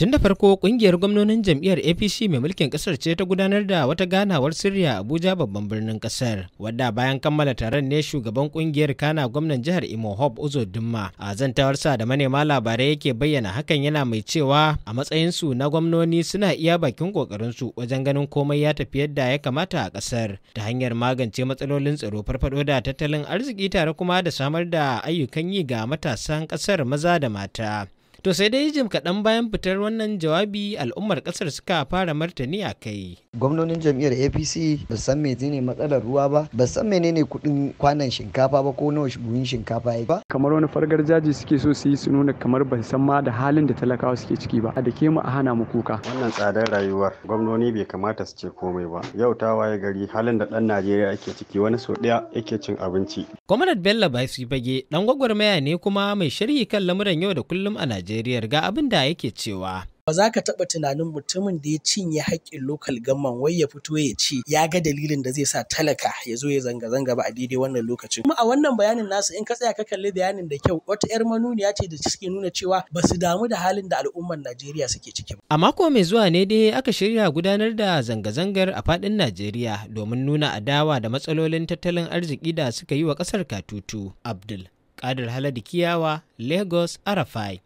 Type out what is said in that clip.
Tun da farko kungiyar gwamnonin jam'iyyar APC mai mulkin kasar ce ta gudanar da wata ganawar sirri Abuja babban birnin kasar. Wadda bayan kammala taron ne shugaban kungiyar Kana gwamnan jihar Imo Hope Uzo Dumma a zantawarsa da manema labarai yake bayyana hakan yana mai cewa a matsayinsu na gwamnoni suna iya bakin kokarinsu wajen ganin komai ya tafi yadda ya kamata a kasar ta hanyar magance matsalolin tsaro farfado da tattalin arziki tare kuma da samar da ayyukan yi ga matasan kasar maza da mata. To sai dai jim kaɗan bayan fitar wannan jawabi al'ummar ƙasar suka fara martani a kai. gwamnonin jam'iyyar apc ba san menene matsalar ruwa ba ba san menene kudin kwanan shinkafa ba ko nawa buhun shinkafa ya ba kamar wani fargar jaji suke so su yi su nuna kamar ban san ma da halin da talakawa suke ciki ba a da mu a hana mu kuka wannan tsadar rayuwar gwamnoni bai kamata su ce komai ba yau ta waye gari halin da ɗan najeriya ake ciki wani sau daya yake cin abinci gwamnati bello baisi bage dan gwagwarmaya ne kuma mai sharhi kan lamuran yau da kullum a najeriya ga abin da yake cewa ba za ka taɓa tunanin mutumin da ya cinye haƙƙin lokal gamman wai ya fito ya ce ya ga dalilin da zai sa talaka ya zo ya zanga-zanga ba a daidai wannan lokacin. Kuma a wannan bayanin nasu in ka tsaya ka kalli bayanin da kyau wata 'yar manuniya ce da suke nuna cewa ba su damu da halin da al'ummar Najeriya suke ciki ba. A mako mai zuwa ne dai aka shirya gudanar da zanga-zangar a faɗin Najeriya domin nuna adawa da matsalolin tattalin arziki da suka yi wa ƙasar katutu. Abdul Kadir Haladu Kiyawa, Lagos, Arafai.